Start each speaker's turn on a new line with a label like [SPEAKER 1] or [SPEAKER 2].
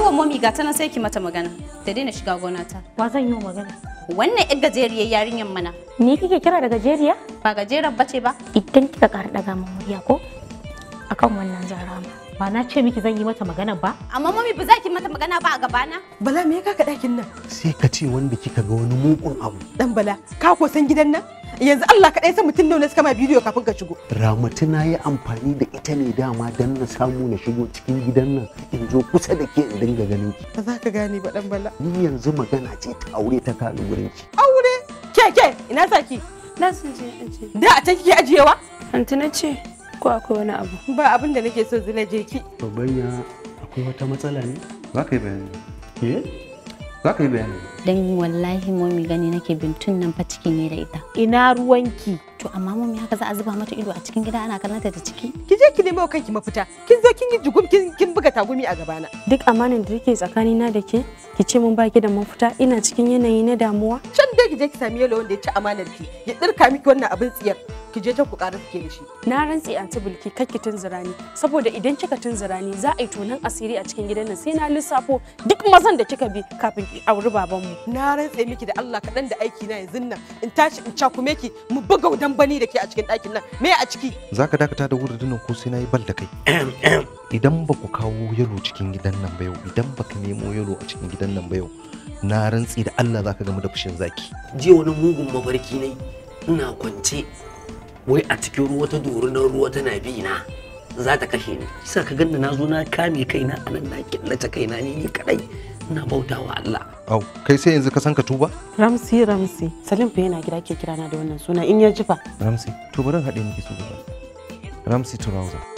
[SPEAKER 1] wa mami gata na sai ki mata magana. Ta daina shiga gona ta. Wa zan yi magana? Wannan yar gajeriyar yarinyar mana. Ni kike kira da gajeriya? Ba gajeran bace ba. Idan kika ƙara daga min murya ko? Akan wannan ma ba na ce miki zan yi mata magana ba amma mami ba za ki mata magana ba a gaba na? bala me ya kaka dakin nan sai ka ce wanda kika ga wani mugun abu dan bala ka ko san gidan nan yanzu Allah kaɗai san mutum ne suka ma bidiyo kafin ka shigo. Ramatu na yi amfani da ita ne dama don na samu na shigo cikin gidan nan in zo kusa da ke in dinga ganin ki. Ba za ka gane ba dan bala. Ni yanzu magana ce ta aure ta kalu wurin ki. Aure? Ke ke ina sa ki? Na sun je ce. Da a can kike ajiyewa? Anti na ce ko akwai wani abu. Ba abin da nake so zila je ki. Babban akwai wata matsala ne? Za ka yi bayani. Eh? za ka yi bayani dan wallahi momi gani nake bintun nan fa ciki ne da ita ina ruwanki to amma momi haka za a zuba mata ido a cikin gida ana kallon ta da ciki ki je ki nemo kanki mafita kin zo kin yi jugum kin kin buga tagumi a gabana duk amanan da yake tsakani na da ke ki ce mun baki da mafita ina cikin yanayi na damuwa can dai ki je ki sami yalo wanda ya ci amanar ki ya tsirka miki wannan abin tsiyar ki je can ku ƙara suke da shi na rantse anti bulki ki tunzura ni saboda idan kika tunzura ni za a yi tonan asiri a cikin gidan nan sai na lissafo duk mazan da kika bi kafin ki auri mu na rantse miki da Allah kaɗan da aiki na yanzu nan in tashi in cakumeki ki mu buga udan bani da ke a cikin ɗakin nan me a ciki zaka dakata da wurin nan ko sai na yi bal da kai idan ba ku kawo yalo cikin gidan nan ba yau idan ba ka nemo yalo a cikin gidan nan ba yau na rantsi da Allah zaka gamu da fushin zaki jiya wani mugun mafarki ne ina kwance wai a cikin ruwa ta dori na ruwa tana bi na za ta kashe ni sa ka ganna na zo na kame kaina a nan na killace kaina ni ni kadai ina bautawa Allah au kai sai yanzu ka san ka tuba ramsi ramsi salim fa yana gida ke kirana na da wannan suna in ya jifa ramsi to bari haɗe miki su ramsi trouser